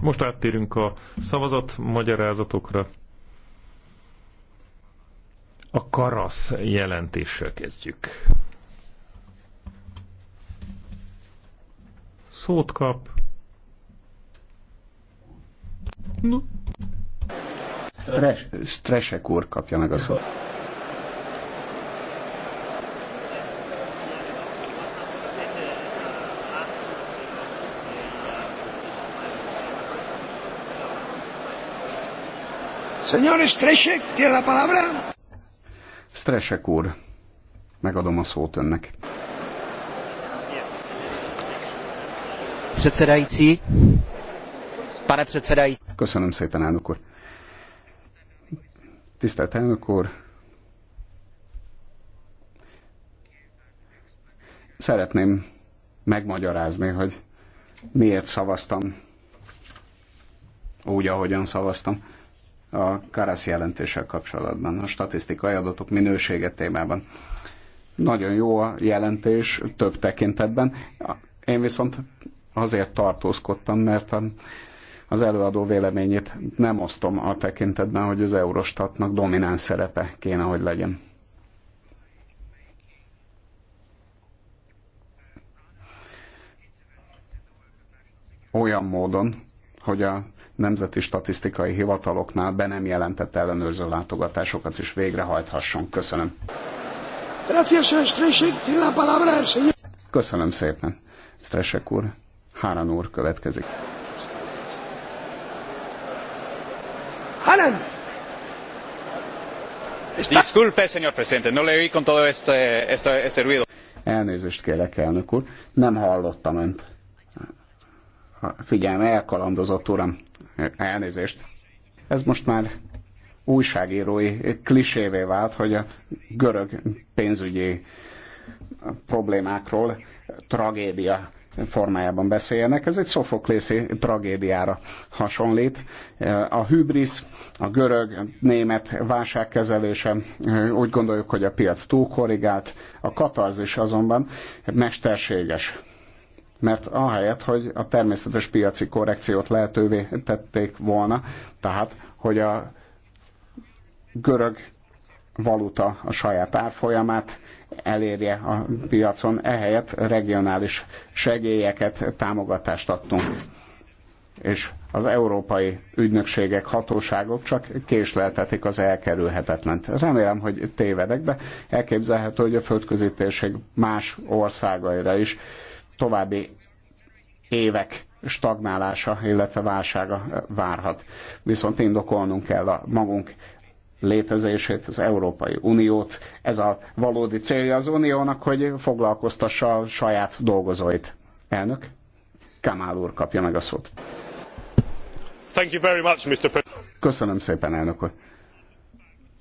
Most áttérünk a szavazat magyarázatokra. A karasz jelentéssel kezdjük. Szót kap. No. Stres, Stresek úr kapja meg a szót. Señor Stresek, tiene la palabra? Stresek úr, megadom a szót önnek. Předsedající, pane předsedající. Köszönöm szépen, elnök úr. Tisztelt elnök úr, szeretném megmagyarázni, hogy miért szavaztam úgy, ahogyan szavaztam a Karasz jelentéssel kapcsolatban, a statisztikai adatok minősége témában. Nagyon jó a jelentés több tekintetben. Én viszont azért tartózkodtam, mert a az előadó véleményét nem osztom a tekintetben, hogy az Eurostatnak domináns szerepe kéne, hogy legyen. Olyan módon, hogy a nemzeti statisztikai hivataloknál be nem jelentett ellenőrző látogatásokat is végrehajthasson. Köszönöm. Köszönöm szépen. Stresek úr, Háran úr következik. Háran! Disculpe, señor presidente, no le oí con todo este, este, este ruido. Elnézést kérek, elnök úr, nem hallottam önt figyelme elkalandozott, uram. Elnézést. Ez most már újságírói klisévé vált, hogy a görög pénzügyi problémákról tragédia formájában beszéljenek. Ez egy szofoklészi tragédiára hasonlít. A hübris, a görög, német válságkezelése, úgy gondoljuk, hogy a piac korrigált. a katarzis azonban mesterséges mert ahelyett, hogy a természetes piaci korrekciót lehetővé tették volna, tehát, hogy a görög valuta a saját árfolyamát elérje a piacon, ehelyett regionális segélyeket, támogatást adtunk. És az európai ügynökségek, hatóságok csak késleltetik az elkerülhetetlent. Remélem, hogy tévedek, de elképzelhető, hogy a földközi térség más országaira is további évek stagnálása, illetve válsága várhat. Viszont indokolnunk kell a magunk létezését, az Európai Uniót. Ez a valódi célja az Uniónak, hogy foglalkoztassa a saját dolgozóit. Elnök, Kamál úr kapja meg a szót. Thank you very much, Mr. Köszönöm szépen, elnök úr.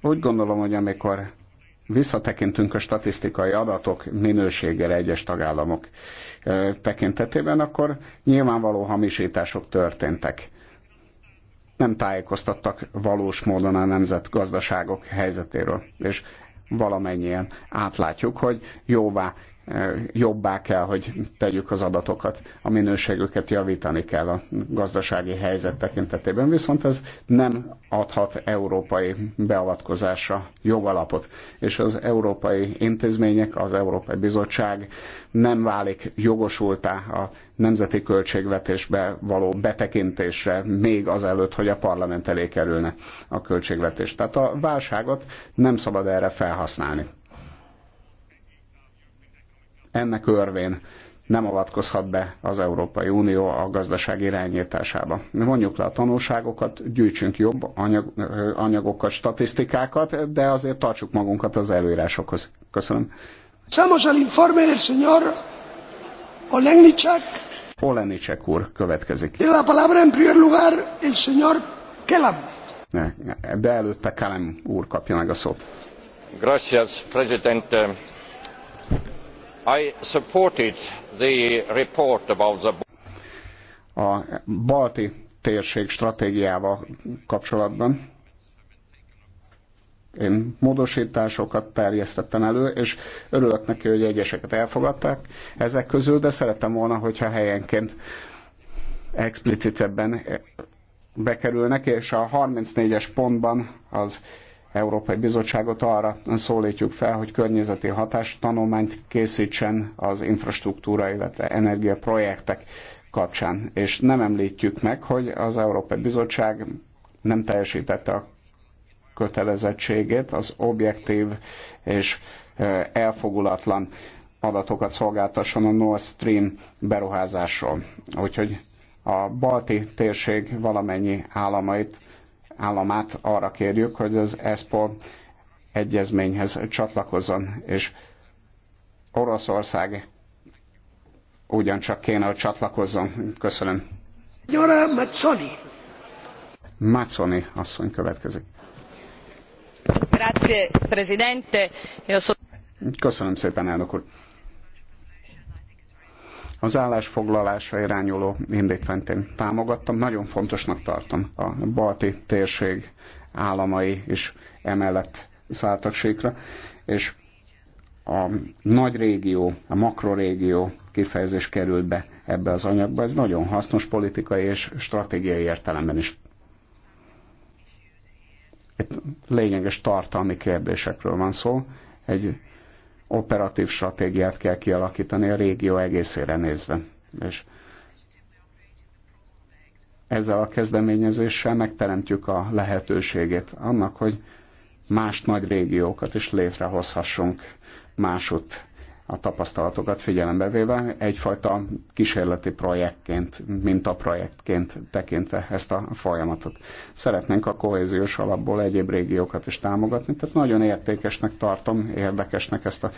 Úgy gondolom, hogy amikor visszatekintünk a statisztikai adatok minőségére egyes tagállamok tekintetében, akkor nyilvánvaló hamisítások történtek. Nem tájékoztattak valós módon a nemzetgazdaságok helyzetéről, és valamennyien átlátjuk, hogy jóvá jobbá kell, hogy tegyük az adatokat, a minőségüket javítani kell a gazdasági helyzet tekintetében, viszont ez nem adhat európai beavatkozásra jogalapot, és az európai intézmények, az Európai Bizottság nem válik jogosultá a nemzeti költségvetésbe való betekintésre, még azelőtt, hogy a parlament elé kerülne a költségvetés. Tehát a válságot nem szabad erre felhasználni. Ennek örvén nem avatkozhat be az Európai Unió a gazdaság irányításába. Mondjuk le a tanulságokat, gyűjtsünk jobb anyag, anyagokat, statisztikákat, de azért tartsuk magunkat az előírásokhoz. Köszönöm. Számos el informe del señor Olenicek. Olenicek úr következik. Tiene la palabra en primer lugar el señor Kelam. De előtte Kelem úr kapja meg a szót. Gracias, presidente i supported the report about the a balti térség stratégiával kapcsolatban. Én módosításokat terjesztettem elő, és örülök neki, hogy egyeseket elfogadták ezek közül, de szerettem volna, hogyha helyenként explicitebben bekerülnek, és a 34-es pontban az Európai Bizottságot arra szólítjuk fel, hogy környezeti hatástanulmányt készítsen az infrastruktúra, illetve energiaprojektek kapcsán. És nem említjük meg, hogy az Európai Bizottság nem teljesítette a kötelezettségét az objektív és elfogulatlan adatokat szolgáltasson a Nord Stream beruházásról. Úgyhogy a balti térség valamennyi államait államát arra kérjük, hogy az ESPO egyezményhez csatlakozzon, és Oroszország ugyancsak kéne, hogy csatlakozzon. Köszönöm. Gyora Mazzoni. Mazzoni asszony következik. Grazie, Presidente. Köszönöm szépen, elnök úr az állásfoglalásra irányuló indítványt én támogattam. Nagyon fontosnak tartom a balti térség államai is emellett szálltak sékra, és a nagy régió, a makrorégió kifejezés került be ebbe az anyagba. Ez nagyon hasznos politikai és stratégiai értelemben is. Itt lényeges tartalmi kérdésekről van szó. Egy operatív stratégiát kell kialakítani a régió egészére nézve. És ezzel a kezdeményezéssel megteremtjük a lehetőségét annak, hogy más nagy régiókat is létrehozhassunk másutt a tapasztalatokat figyelembe véve egyfajta kísérleti projektként, projektként tekintve ezt a folyamatot. Szeretnénk a kohéziós alapból egyéb régiókat is támogatni, tehát nagyon értékesnek tartom, érdekesnek ezt a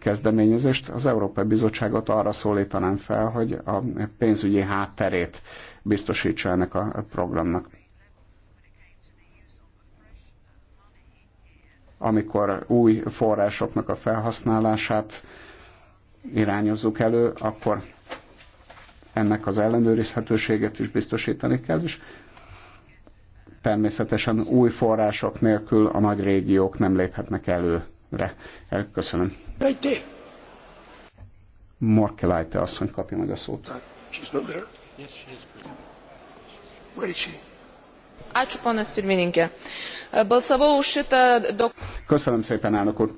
kezdeményezést. Az Európai Bizottságot arra szólítanám fel, hogy a pénzügyi hátterét biztosítsa ennek a programnak amikor új forrásoknak a felhasználását irányozzuk elő, akkor ennek az ellenőrizhetőséget is biztosítani kell, és természetesen új források nélkül a nagy régiók nem léphetnek előre. Köszönöm. Morkelajte asszony kapja meg a szót. Ačiū, ponas pirmininkė. Balsavau už šitą dokumentą. Köszönöm szépen, elnök úr.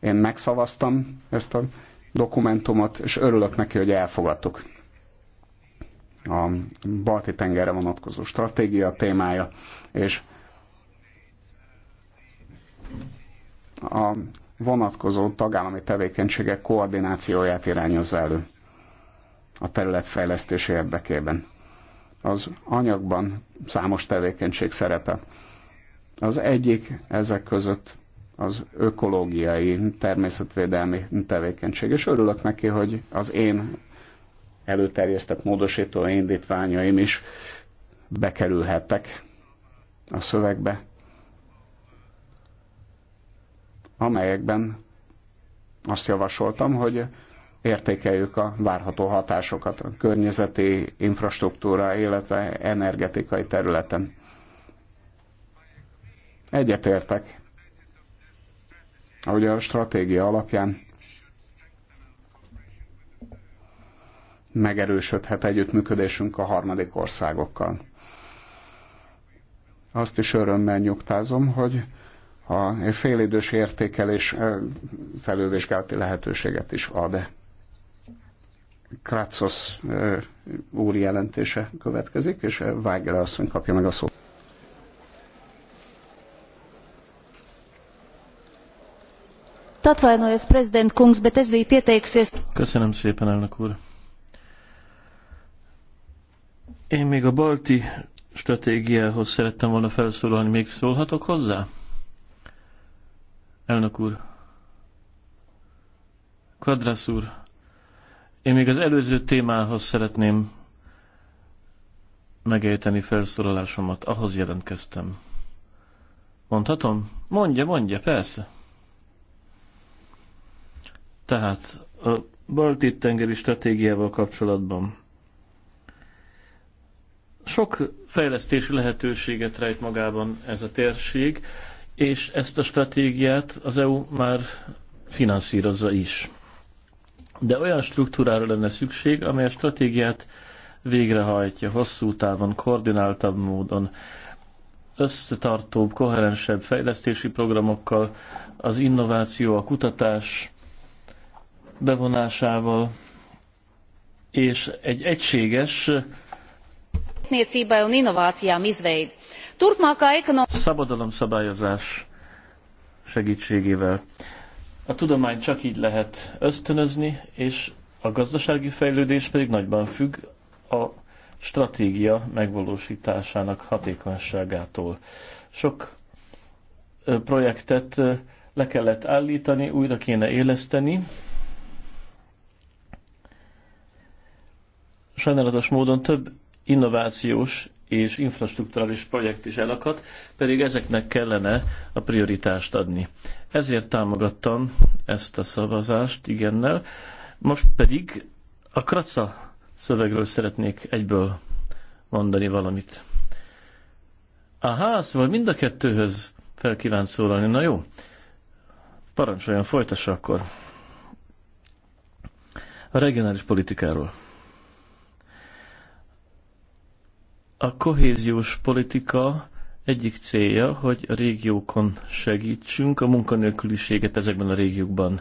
Én megszavaztam ezt a dokumentumot, és örülök neki, hogy elfogadtuk. A balti tengerre vonatkozó stratégia témája, és a vonatkozó tagállami tevékenységek koordinációját irányozza elő a terület fejlesztése érdekében. Az anyagban számos tevékenység szerepel az egyik ezek között az ökológiai, természetvédelmi tevékenység, és örülök neki, hogy az én előterjesztett módosító indítványaim is bekerülhettek a szövegbe, amelyekben azt javasoltam, hogy értékeljük a várható hatásokat a környezeti infrastruktúra, illetve energetikai területen. Egyetértek, ahogy a stratégia alapján megerősödhet együttműködésünk a harmadik országokkal. Azt is örömmel nyugtázom, hogy a félidős értékelés felülvizsgálati lehetőséget is ad. Kratzos úr jelentése következik, és vágyra asszony kapja meg a szót. bet prezident kungs, bet es biju pieteikusies. Köszönöm szépen, elnök úr. Én még a balti stratégiához szerettem volna felszólalni, még szólhatok hozzá? Elnök úr. Kadrasz úr. Én még az előző témához szeretném megejteni felszólalásomat. Ahhoz jelentkeztem. Mondhatom? Mondja, mondja, persze. Tehát a balti tengeri stratégiával kapcsolatban sok fejlesztési lehetőséget rejt magában ez a térség, és ezt a stratégiát az EU már finanszírozza is. De olyan struktúrára lenne szükség, amely a stratégiát végrehajtja hosszú távon, koordináltabb módon, összetartóbb, koherensebb fejlesztési programokkal, az innováció, a kutatás, bevonásával és egy egységes szabadalomszabályozás segítségével. A tudomány csak így lehet ösztönözni, és a gazdasági fejlődés pedig nagyban függ a stratégia megvalósításának hatékonyságától. Sok projektet le kellett állítani, újra kéne éleszteni, sajnálatos módon több innovációs és infrastruktúrális projekt is elakadt, pedig ezeknek kellene a prioritást adni. Ezért támogattam ezt a szavazást igennel. Most pedig a Kraca szövegről szeretnék egyből mondani valamit. Aha, szóval mind a kettőhöz fel kívánt szólalni. Na jó, parancsoljon, folytassa akkor. A regionális politikáról. A kohéziós politika egyik célja, hogy a régiókon segítsünk, a munkanélküliséget ezekben a régiókban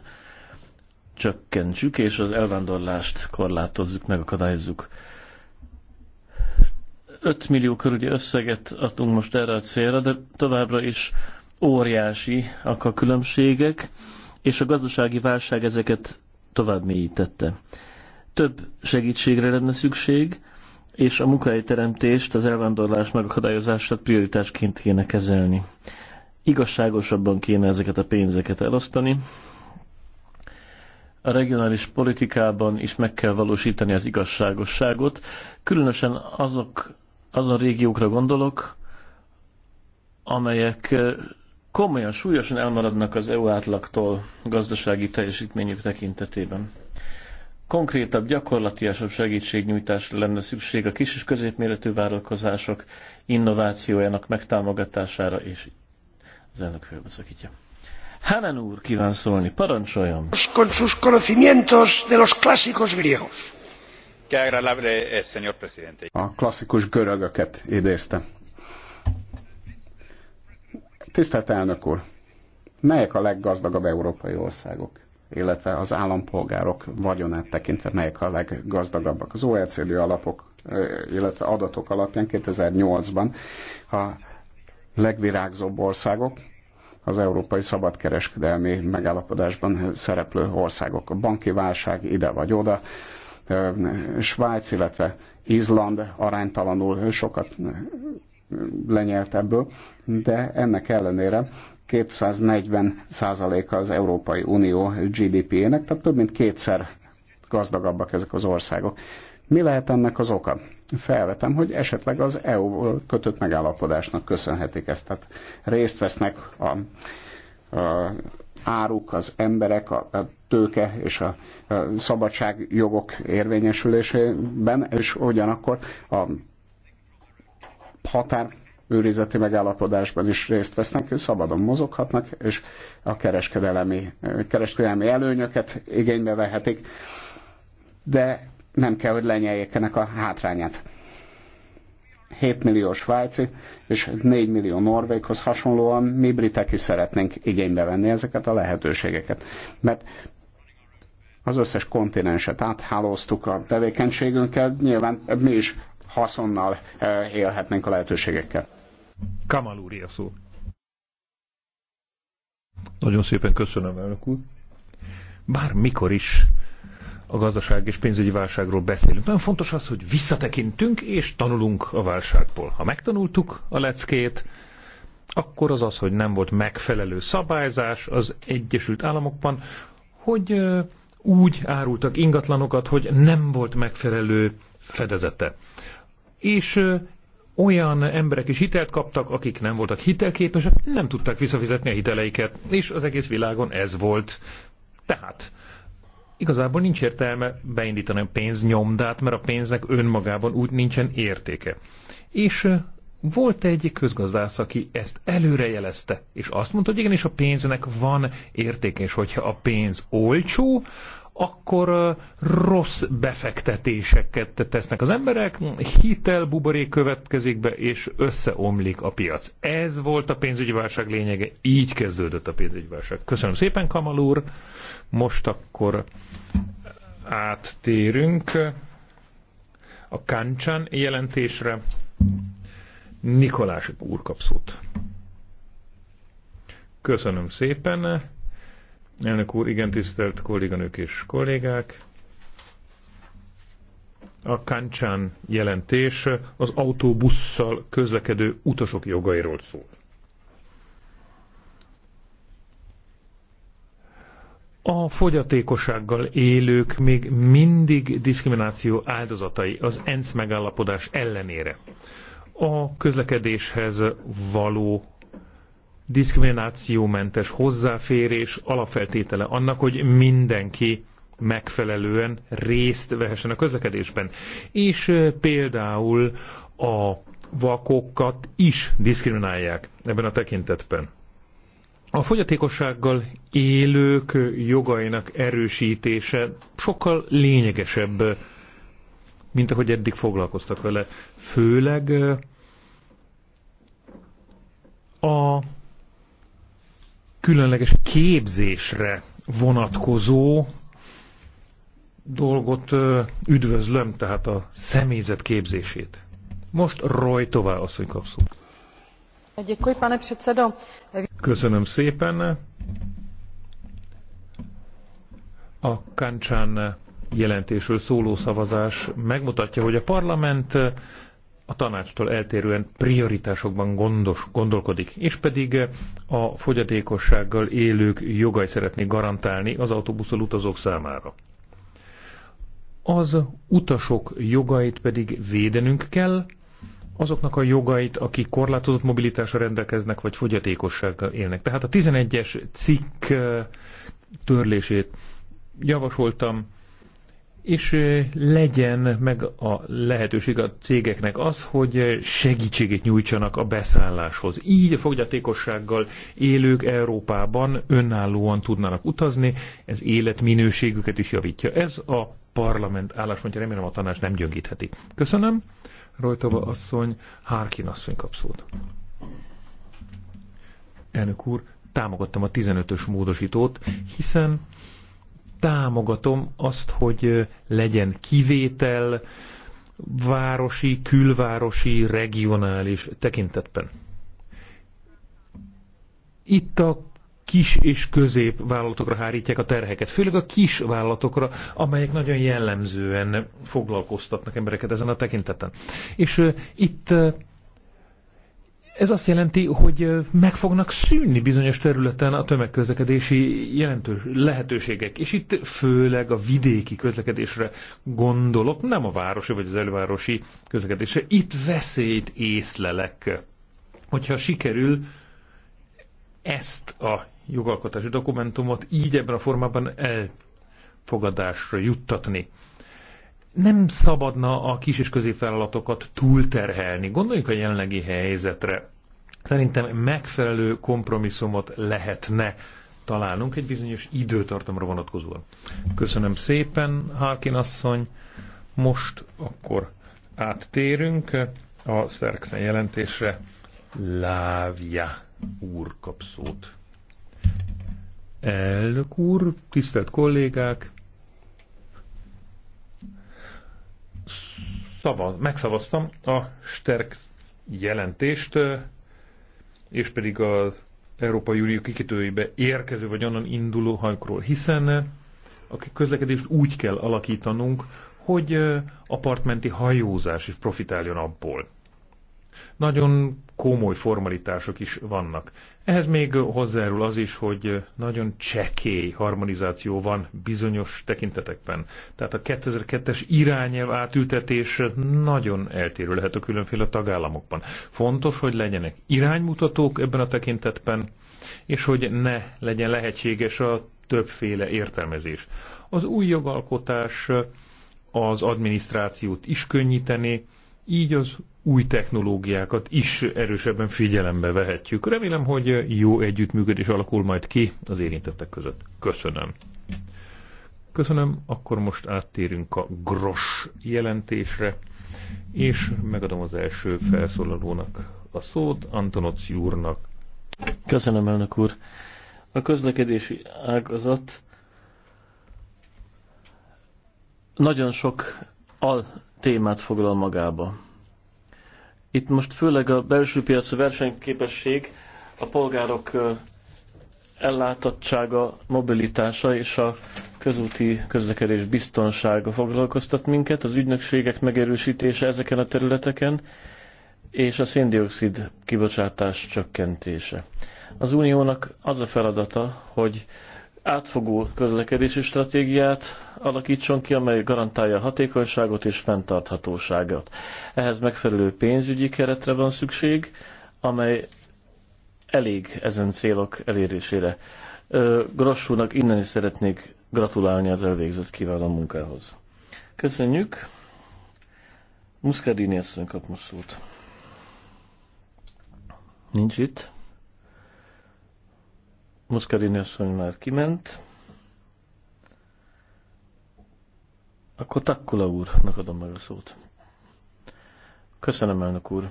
csökkentsük, és az elvándorlást korlátozzuk, megakadályozzuk. 5 millió körüli összeget adunk most erre a célra, de továbbra is óriási a különbségek, és a gazdasági válság ezeket tovább mélyítette. Több segítségre lenne szükség, és a munkahelyteremtést, az elvándorlás megakadályozását prioritásként kéne kezelni. Igazságosabban kéne ezeket a pénzeket elosztani. A regionális politikában is meg kell valósítani az igazságosságot, különösen azok, azon régiókra gondolok, amelyek komolyan, súlyosan elmaradnak az EU átlagtól gazdasági teljesítményük tekintetében konkrétabb, gyakorlatiasabb segítségnyújtásra lenne szükség a kis és középméretű vállalkozások innovációjának megtámogatására, és az elnök félbeszakítja. Hanan úr kíván szólni, parancsoljon! Con sus conocimientos de los clásicos griegos. presidente. A klasszikus görögöket idézte. Tisztelt elnök úr! Melyek a leggazdagabb európai országok? illetve az állampolgárok vagyonát tekintve melyek a leggazdagabbak. Az OECD alapok, illetve adatok alapján 2008-ban a legvirágzóbb országok az európai szabadkereskedelmi megállapodásban szereplő országok. A banki válság ide vagy oda, Svájc, illetve Izland aránytalanul sokat lenyelt ebből, de ennek ellenére 240 százaléka az Európai Unió GDP-ének, tehát több mint kétszer gazdagabbak ezek az országok. Mi lehet ennek az oka? Felvetem, hogy esetleg az EU kötött megállapodásnak köszönhetik ezt. Tehát részt vesznek a, a áruk, az emberek, a, a tőke és a, a szabadságjogok érvényesülésében, és ugyanakkor a határ őrizeti megállapodásban is részt vesznek, szabadon mozoghatnak, és a kereskedelmi, kereskedelmi előnyöket igénybe vehetik, de nem kell, hogy lenyeljék ennek a hátrányát. 7 millió svájci és 4 millió norvéghoz hasonlóan mi britek is szeretnénk igénybe venni ezeket a lehetőségeket. Mert az összes kontinenset áthálóztuk a tevékenységünkkel, nyilván mi is haszonnal eh, élhetnénk a lehetőségekkel. Kamal úr, a szó. Nagyon szépen köszönöm, elnök úr. Bármikor is a gazdaság és pénzügyi válságról beszélünk. Nagyon fontos az, hogy visszatekintünk és tanulunk a válságból. Ha megtanultuk a leckét, akkor az az, hogy nem volt megfelelő szabályzás az Egyesült Államokban, hogy eh, úgy árultak ingatlanokat, hogy nem volt megfelelő fedezete és olyan emberek is hitelt kaptak, akik nem voltak hitelképesek, nem tudták visszafizetni a hiteleiket, és az egész világon ez volt. Tehát igazából nincs értelme beindítani a pénznyomdát, mert a pénznek önmagában úgy nincsen értéke. És volt egy közgazdász, aki ezt előrejelezte, és azt mondta, hogy igenis a pénznek van értéke, és hogyha a pénz olcsó, akkor rossz befektetéseket tesznek az emberek, hitel buborék következik be, és összeomlik a piac. Ez volt a pénzügyi válság lényege, így kezdődött a pénzügyi válság. Köszönöm szépen, Kamal úr. Most akkor áttérünk a Kancsán jelentésre. Nikolás úr kap szót. Köszönöm szépen. Elnök úr, igen tisztelt kolléganők és kollégák. A Kancsán jelentés az autóbusszal közlekedő utasok jogairól szól. A fogyatékossággal élők még mindig diszkrimináció áldozatai az ENSZ megállapodás ellenére. A közlekedéshez való diszkriminációmentes hozzáférés alapfeltétele annak, hogy mindenki megfelelően részt vehessen a közlekedésben. És például a vakokat is diszkriminálják ebben a tekintetben. A fogyatékossággal élők jogainak erősítése sokkal lényegesebb, mint ahogy eddig foglalkoztak vele. Főleg a különleges képzésre vonatkozó dolgot üdvözlöm, tehát a személyzet képzését. Most Rojtová asszony kapszul. Köszönöm szépen. A Kancsán jelentésről szóló szavazás megmutatja, hogy a parlament a tanácstól eltérően prioritásokban gondos, gondolkodik, és pedig a fogyatékossággal élők jogai szeretné garantálni az autóbuszol utazók számára. Az utasok jogait pedig védenünk kell, azoknak a jogait, akik korlátozott mobilitásra rendelkeznek, vagy fogyatékossággal élnek. Tehát a 11-es cikk eh, törlését javasoltam, és legyen meg a lehetőség a cégeknek az, hogy segítséget nyújtsanak a beszálláshoz. Így a fogyatékossággal élők Európában önállóan tudnának utazni, ez életminőségüket is javítja. Ez a parlament álláspontja, remélem a tanács nem gyöngítheti. Köszönöm. Rojtova asszony, Harkin asszony kap szót. Elnök úr, támogattam a 15-ös módosítót, hiszen támogatom azt, hogy legyen kivétel városi, külvárosi, regionális tekintetben. Itt a kis és közép vállalatokra hárítják a terheket, főleg a kis vállalatokra, amelyek nagyon jellemzően foglalkoztatnak embereket ezen a tekinteten. És uh, itt uh, ez azt jelenti, hogy meg fognak szűnni bizonyos területen a tömegközlekedési jelentős lehetőségek, és itt főleg a vidéki közlekedésre gondolok, nem a városi vagy az elővárosi közlekedésre. Itt veszélyt észlelek, hogyha sikerül ezt a jogalkotási dokumentumot így ebben a formában elfogadásra juttatni nem szabadna a kis és középvállalatokat túlterhelni. Gondoljunk a jelenlegi helyzetre. Szerintem megfelelő kompromisszumot lehetne találnunk egy bizonyos időtartamra vonatkozóan. Köszönöm szépen, Harkin asszony. Most akkor áttérünk a Szerkszen jelentésre. Lávja úr kap szót. Elnök úr, tisztelt kollégák, szavaz, megszavaztam a sterk jelentést, és pedig az Európai Unió kikötőibe érkező vagy onnan induló hajókról, hiszen a közlekedést úgy kell alakítanunk, hogy apartmenti hajózás is profitáljon abból nagyon komoly formalitások is vannak. Ehhez még hozzájárul az is, hogy nagyon csekély harmonizáció van bizonyos tekintetekben. Tehát a 2002-es irányelv átültetés nagyon eltérő lehet a különféle tagállamokban. Fontos, hogy legyenek iránymutatók ebben a tekintetben, és hogy ne legyen lehetséges a többféle értelmezés. Az új jogalkotás az adminisztrációt is könnyíteni, így az új technológiákat is erősebben figyelembe vehetjük. Remélem, hogy jó együttműködés alakul majd ki az érintettek között. Köszönöm. Köszönöm, akkor most áttérünk a GROS jelentésre, és megadom az első felszólalónak a szót, Antonoc úrnak. Köszönöm, elnök úr. A közlekedési ágazat nagyon sok al témát foglal magába. Itt most főleg a belső piac versenyképesség, a polgárok ellátottsága, mobilitása és a közúti közlekedés biztonsága foglalkoztat minket, az ügynökségek megerősítése ezeken a területeken, és a széndiokszid kibocsátás csökkentése. Az uniónak az a feladata, hogy átfogó közlekedési stratégiát alakítson ki, amely garantálja hatékonyságot és fenntarthatóságot. Ehhez megfelelő pénzügyi keretre van szükség, amely elég ezen célok elérésére. Grossúnak innen is szeretnék gratulálni az elvégzett kiváló munkához. Köszönjük! Muscadini asszony kap most szót. Nincs itt. Muszkarini asszony már kiment. Akkor Takkula úrnak adom meg a szót. Köszönöm, elnök úr.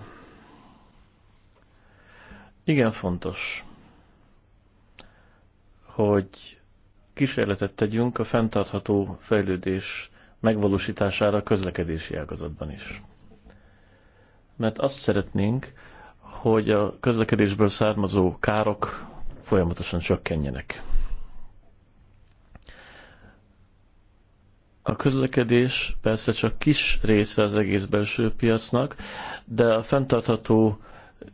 Igen fontos, hogy kísérletet tegyünk a fenntartható fejlődés megvalósítására a közlekedési ágazatban is. Mert azt szeretnénk, hogy a közlekedésből származó károk folyamatosan csökkenjenek. A közlekedés persze csak kis része az egész belső piacnak, de a fenntartható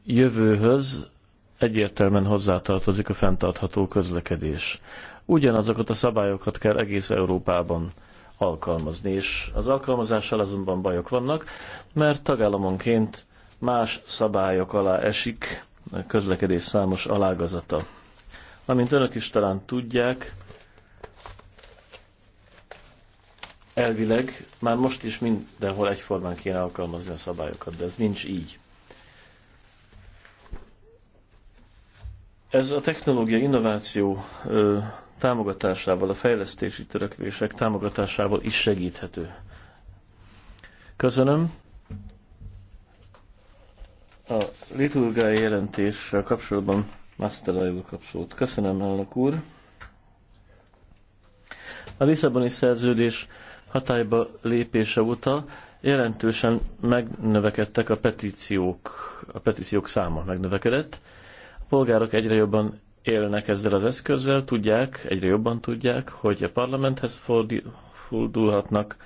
jövőhöz egyértelműen hozzátartozik a fenntartható közlekedés. Ugyanazokat a szabályokat kell egész Európában alkalmazni, és az alkalmazással azonban bajok vannak, mert tagállamonként más szabályok alá esik a közlekedés számos alágazata. Amint önök is talán tudják, elvileg már most is mindenhol egyformán kéne alkalmazni a szabályokat, de ez nincs így. Ez a technológia innováció ö, támogatásával, a fejlesztési törekvések támogatásával is segíthető. Köszönöm. A liturgiai jelentéssel kapcsolatban Master úr kap szót. Köszönöm, elnök úr. A Lisszaboni szerződés hatályba lépése óta jelentősen megnövekedtek a petíciók, a petíciók száma megnövekedett. A polgárok egyre jobban élnek ezzel az eszközzel, tudják, egyre jobban tudják, hogy a parlamenthez fordulhatnak,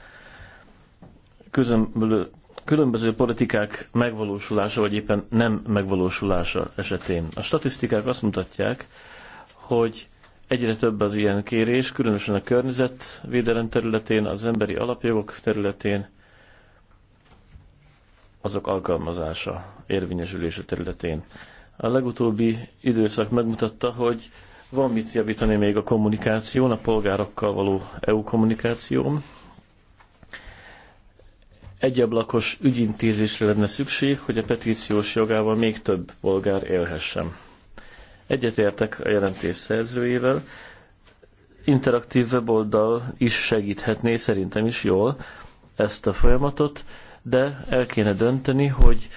különböző politikák megvalósulása, vagy éppen nem megvalósulása esetén. A statisztikák azt mutatják, hogy egyre több az ilyen kérés, különösen a környezetvédelem területén, az emberi alapjogok területén, azok alkalmazása, érvényesülése területén. A legutóbbi időszak megmutatta, hogy van mit javítani még a kommunikáción, a polgárokkal való EU kommunikáción, egyablakos ügyintézésre lenne szükség, hogy a petíciós jogával még több polgár élhessen. Egyetértek a jelentés szerzőjével, interaktív weboldal is segíthetné, szerintem is jól ezt a folyamatot, de el kéne dönteni, hogy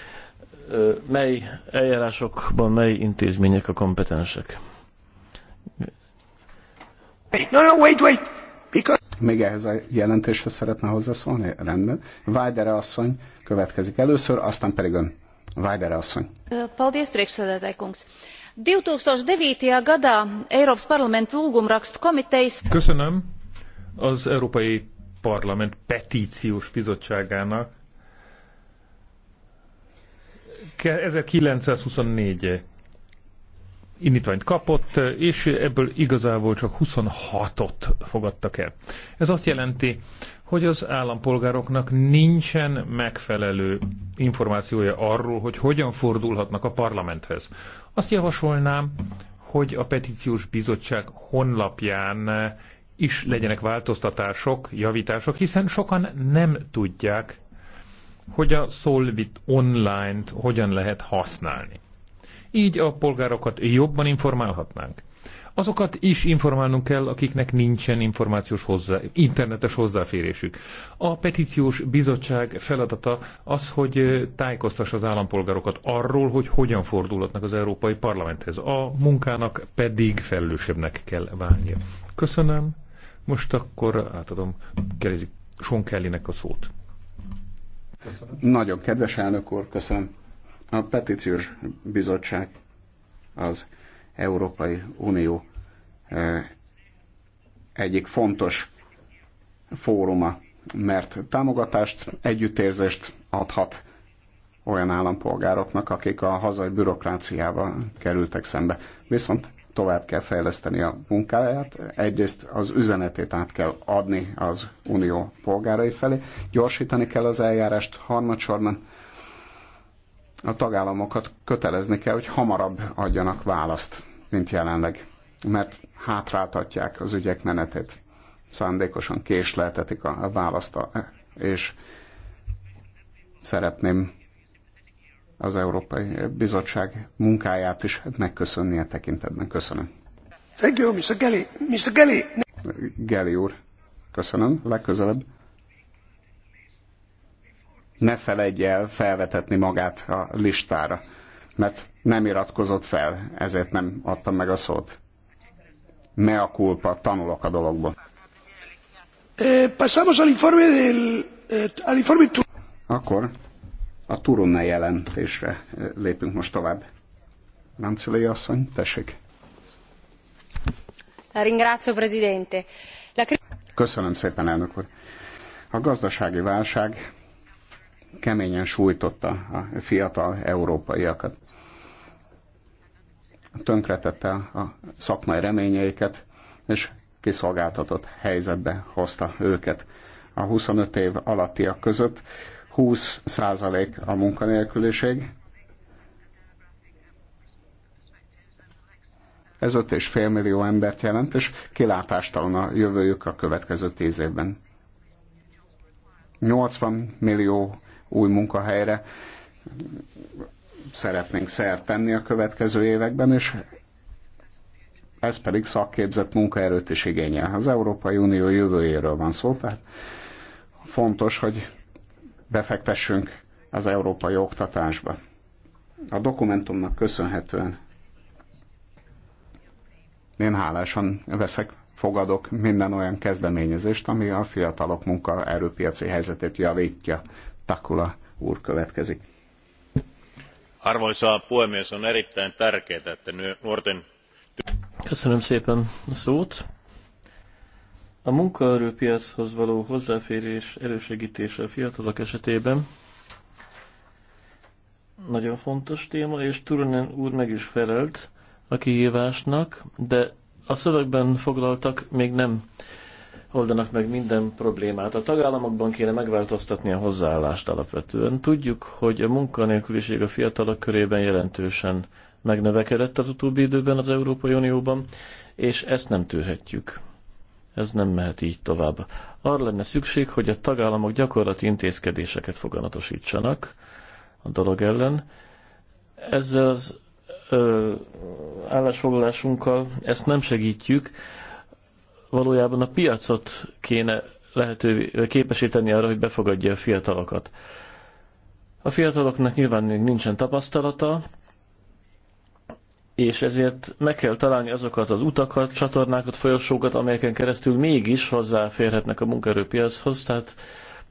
mely eljárásokban mely intézmények a kompetensek. No, no, wait, wait! Még ehhez a jelentéshez szeretne hozzászólni? Rendben. Vájdere asszony következik először, aztán pedig ön. Vájdere asszony. Paldies, priekšsēdētāj 2009. gada Eiropas Parlament Lúgumrakszt komitejas... Köszönöm az Európai Parlament petíciós bizottságának 1924 indítványt kapott, és ebből igazából csak 26-ot fogadtak el. Ez azt jelenti, hogy az állampolgároknak nincsen megfelelő információja arról, hogy hogyan fordulhatnak a parlamenthez. Azt javasolnám, hogy a petíciós bizottság honlapján is legyenek változtatások, javítások, hiszen sokan nem tudják, hogy a Solvit online-t hogyan lehet használni. Így a polgárokat jobban informálhatnánk. Azokat is informálnunk kell, akiknek nincsen információs hozzá, internetes hozzáférésük. A petíciós bizottság feladata az, hogy tájékoztassa az állampolgárokat arról, hogy hogyan fordulhatnak az Európai Parlamenthez. A munkának pedig felelősebbnek kell válnia. Köszönöm. Most akkor átadom Sean Kellynek a szót. Köszönöm. Nagyon kedves elnök úr, köszönöm. A petíciós bizottság az Európai Unió e, egyik fontos fóruma, mert támogatást, együttérzést adhat olyan állampolgároknak, akik a hazai bürokráciával kerültek szembe. Viszont tovább kell fejleszteni a munkáját, egyrészt az üzenetét át kell adni az unió polgárai felé, gyorsítani kell az eljárást, harmadsorban a tagállamokat kötelezni kell, hogy hamarabb adjanak választ, mint jelenleg, mert hátráltatják az ügyek menetét, szándékosan késleltetik a választ, és szeretném az Európai Bizottság munkáját is megköszönni a tekintetben. Köszönöm. Thank you, Mr. Gelly. Mr. Gelly. Gelly úr, köszönöm. Legközelebb ne feledje el felvetetni magát a listára, mert nem iratkozott fel, ezért nem adtam meg a szót. Me a kulpa tanulok a dologból. Eh, eh, Akkor a Turunne jelentésre eh, lépünk most tovább. Ranceli asszony, tessék. Köszönöm szépen, elnök úr. A gazdasági válság keményen sújtotta a fiatal európaiakat. Tönkretette a szakmai reményeiket, és kiszolgáltatott helyzetbe hozta őket. A 25 év alattiak között 20% a munkanélküliség, ez 5,5 millió embert jelent, és kilátástalan a jövőjük a következő 10 évben. 80 millió új munkahelyre szeretnénk szert tenni a következő években, és ez pedig szakképzett munkaerőt is igényel. Az Európai Unió jövőjéről van szó, tehát fontos, hogy befektessünk az európai oktatásba. A dokumentumnak köszönhetően én hálásan veszek, fogadok minden olyan kezdeményezést, ami a fiatalok munkaerőpiaci helyzetét javítja. Takula úr következik. Arvoisa puhemies, on erittäin tärkeää, että nuorten... Köszönöm szépen a szót. A munkaerőpiachoz való hozzáférés elősegítése a fiatalok esetében nagyon fontos téma, és Turunen úr meg is felelt a kihívásnak, de a szövegben foglaltak még nem oldanak meg minden problémát. A tagállamokban kéne megváltoztatni a hozzáállást alapvetően. Tudjuk, hogy a munkanélküliség a fiatalok körében jelentősen megnövekedett az utóbbi időben az Európai Unióban, és ezt nem tűrhetjük. Ez nem mehet így tovább. Arra lenne szükség, hogy a tagállamok gyakorlati intézkedéseket foganatosítsanak a dolog ellen. Ezzel az ö, állásfoglalásunkkal ezt nem segítjük, valójában a piacot kéne lehetővé, képesíteni arra, hogy befogadja a fiatalokat. A fiataloknak nyilván még nincsen tapasztalata, és ezért meg kell találni azokat az utakat, csatornákat, folyosókat, amelyeken keresztül mégis hozzáférhetnek a munkaerőpiachoz, tehát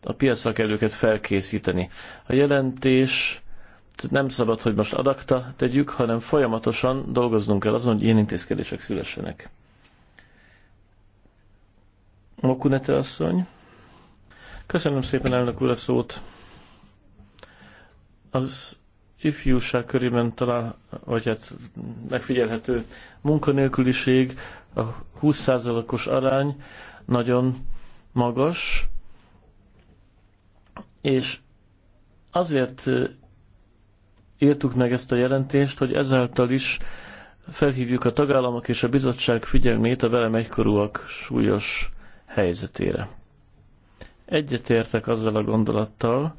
a piacra kell őket felkészíteni. A jelentés nem szabad, hogy most adakta tegyük, hanem folyamatosan dolgoznunk kell azon, hogy ilyen intézkedések szülessenek. Mokunete asszony. Köszönöm szépen elnök úr a szót. Az ifjúság körében talán, vagy hát megfigyelhető munkanélküliség, a 20%-os arány nagyon magas, és azért írtuk meg ezt a jelentést, hogy ezáltal is felhívjuk a tagállamok és a bizottság figyelmét a velem egykorúak súlyos helyzetére. Egyetértek azzal a gondolattal,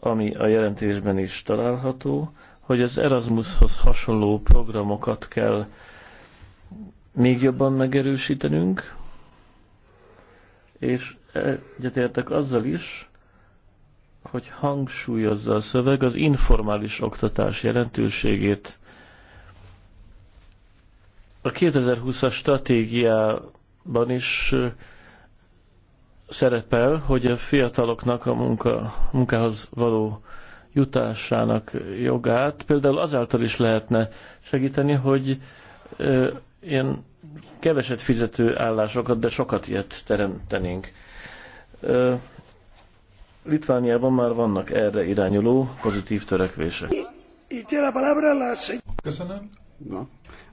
ami a jelentésben is található, hogy az Erasmushoz hasonló programokat kell még jobban megerősítenünk, és egyetértek azzal is, hogy hangsúlyozza a szöveg az informális oktatás jelentőségét. A 2020-as stratégiában is szerepel, hogy a fiataloknak a munka, munkához való jutásának jogát például azáltal is lehetne segíteni, hogy ö, ilyen keveset fizető állásokat, de sokat ilyet teremtenénk. Ö, Litvániában már vannak erre irányuló pozitív törekvések. Köszönöm. Na,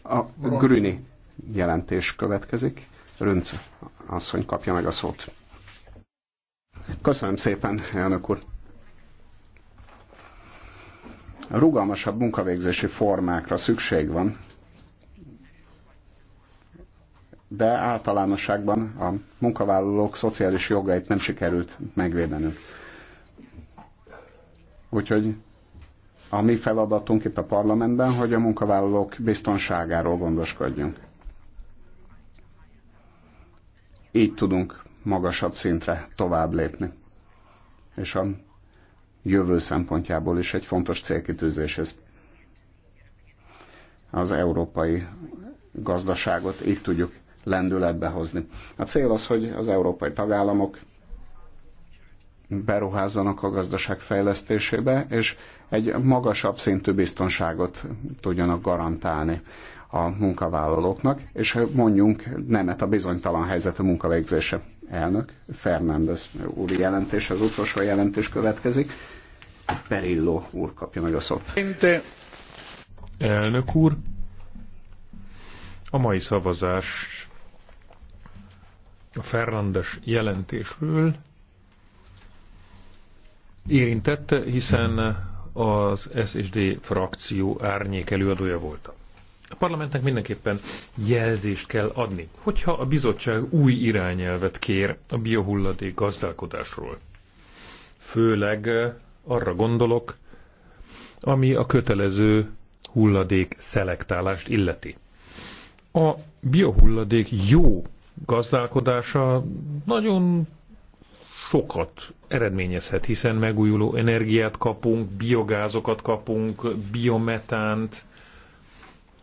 a Grüni jelentés következik. Rönce asszony kapja meg a szót. Köszönöm szépen, elnök úr. A rugalmasabb munkavégzési formákra szükség van, de általánosságban a munkavállalók szociális jogait nem sikerült megvédenünk. Úgyhogy a mi feladatunk itt a parlamentben, hogy a munkavállalók biztonságáról gondoskodjunk. Így tudunk magasabb szintre tovább lépni. És a jövő szempontjából is egy fontos célkitűzés ez. Az európai gazdaságot így tudjuk lendületbe hozni. A cél az, hogy az európai tagállamok beruházzanak a gazdaság fejlesztésébe, és egy magasabb szintű biztonságot tudjanak garantálni a munkavállalóknak, és mondjunk nemet a bizonytalan helyzetű munkavégzése elnök. Fernández úri jelentés, az utolsó jelentés következik. Perillo úr kapja meg a szót. Elnök úr, a mai szavazás a Ferrandes jelentésről érintette, hiszen az SSD frakció árnyék előadója voltam. A parlamentnek mindenképpen jelzést kell adni, hogyha a bizottság új irányelvet kér a biohulladék gazdálkodásról. Főleg eh, arra gondolok, ami a kötelező hulladék szelektálást illeti. A biohulladék jó gazdálkodása nagyon sokat eredményezhet, hiszen megújuló energiát kapunk, biogázokat kapunk, biometánt,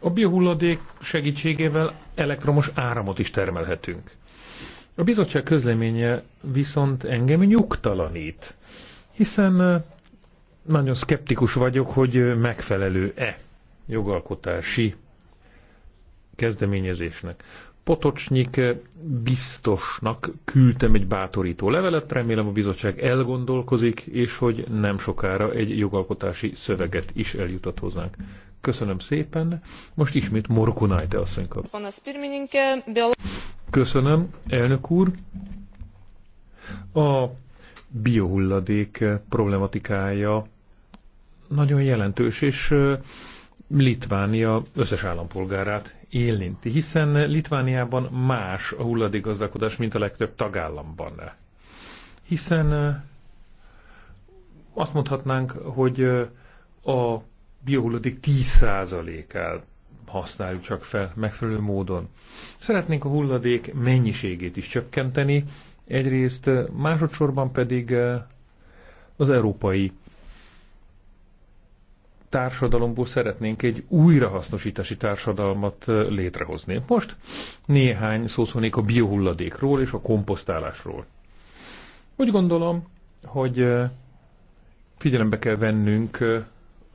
a biohulladék segítségével elektromos áramot is termelhetünk. A bizottság közleménye viszont engem nyugtalanít, hiszen nagyon szkeptikus vagyok, hogy megfelelő-e jogalkotási kezdeményezésnek. Potocsnyik biztosnak küldtem egy bátorító levelet, remélem a bizottság elgondolkozik, és hogy nem sokára egy jogalkotási szöveget is eljutat hozzánk. Köszönöm szépen. Most ismét te asszony Köszönöm, elnök úr. A biohulladék problematikája nagyon jelentős, és Litvánia összes állampolgárát élinti, hiszen Litvániában más a hulladékgazdálkodás, mint a legtöbb tagállamban. Hiszen azt mondhatnánk, hogy a biohulladék 10 el használjuk csak fel megfelelő módon. Szeretnénk a hulladék mennyiségét is csökkenteni, egyrészt másodszorban pedig az európai társadalomból szeretnénk egy újrahasznosítási társadalmat létrehozni. Most néhány szó szólnék a biohulladékról és a komposztálásról. Úgy gondolom, hogy figyelembe kell vennünk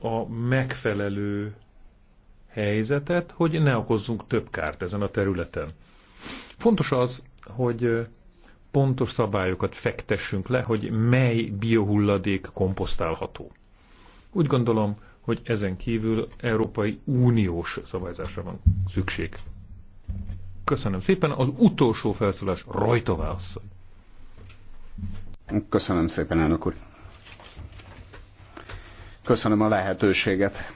a megfelelő helyzetet, hogy ne okozzunk több kárt ezen a területen. Fontos az, hogy pontos szabályokat fektessünk le, hogy mely biohulladék komposztálható. Úgy gondolom, hogy ezen kívül Európai Uniós szabályzásra van szükség. Köszönöm szépen. Az utolsó felszólás rajta asszony. Köszönöm szépen, elnök úr. Köszönöm a lehetőséget,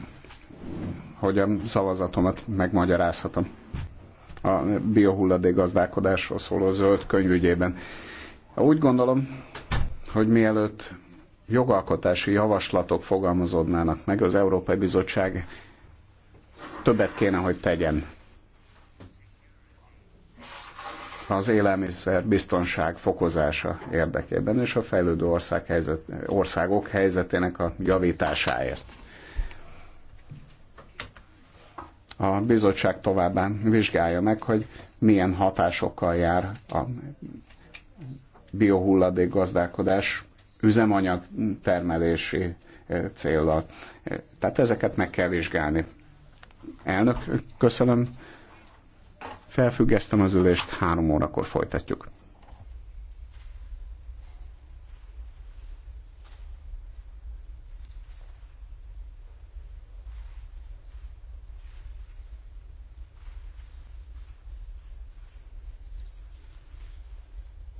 hogy a szavazatomat megmagyarázhatom a biohulladék gazdálkodásról szóló zöld könyvügyében. Úgy gondolom, hogy mielőtt jogalkotási javaslatok fogalmazódnának meg, az Európai Bizottság többet kéne, hogy tegyen az élelmiszer biztonság fokozása érdekében és a fejlődő ország helyzet, országok helyzetének a javításáért. A bizottság továbbá vizsgálja meg, hogy milyen hatásokkal jár a biohulladék gazdálkodás üzemanyag termelési eh, célra. Eh, tehát ezeket meg kell vizsgálni. Elnök, köszönöm. Felfüggesztem az ülést, három órakor folytatjuk.